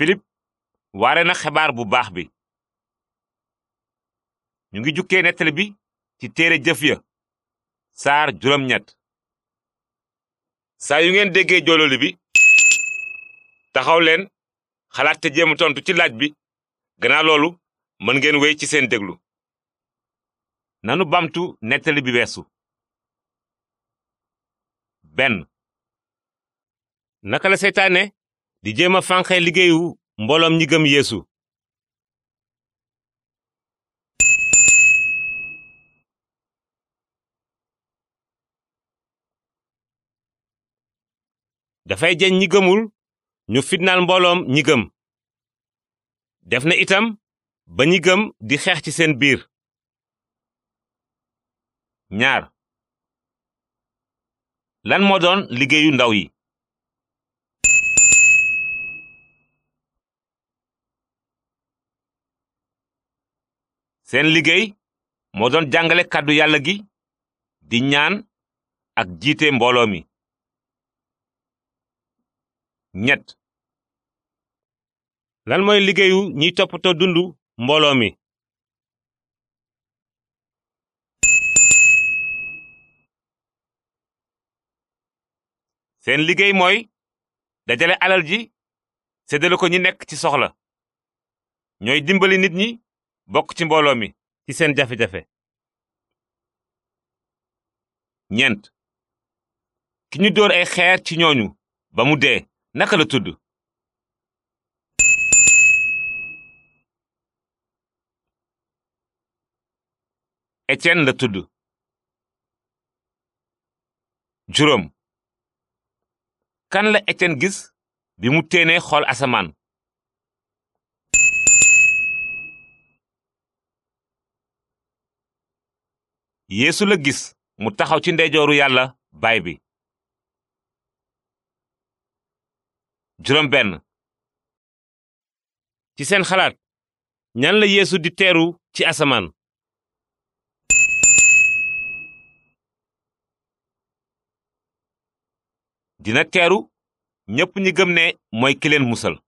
Philippe waare na xibaar bu baax bi ñu ngi jukkee nettali bi ci téere jëf ya saar juróom-ñett saa yu ngeen déggee joololi bi taxaw leen xalaat te jéem tontu ci laaj bi gannaaw loolu mën ngeen wéy ci seen déglu nanu bamtu nettali bi weesu benn naka la seytaane di jéem a fànqe liggéeyu mbooloom ñi gëm Yeesu dafay jeñ ñi gëmul ñu fitnaal mbooloom ñi gëm def na itam ba ñi gëm di xeex ci seen biir ñaar lan moo doon liggéeyu ndaw yi seen liggéey moo doon jàngale kàddu yàlla gi di ñaan ak jiite mbooloo mi ñett lan mooy liggéeyu ñiy toppatoo dundu mbooloo mi seen liggéey mooy dajale alal ji séddale ko ñi nekk ci soxla ñooy dimbali nit ñi bokk ci mbooloo mi ci seen jafe-jafe. ñeent ki ñu dóor ay xeer ci ñooñu ba mu dee naka la tudd. Étienne la tudd. juróom kan la Étienne gis bi mu téenee xool asamaan. yeesu la gis mu taxaw ci ndeyjooru yàlla baay bi juróom ci seen xalaat ñan la yeesu di teeru ci asamaan dina teeru ñépp ñi gëm ne mooy kileen musal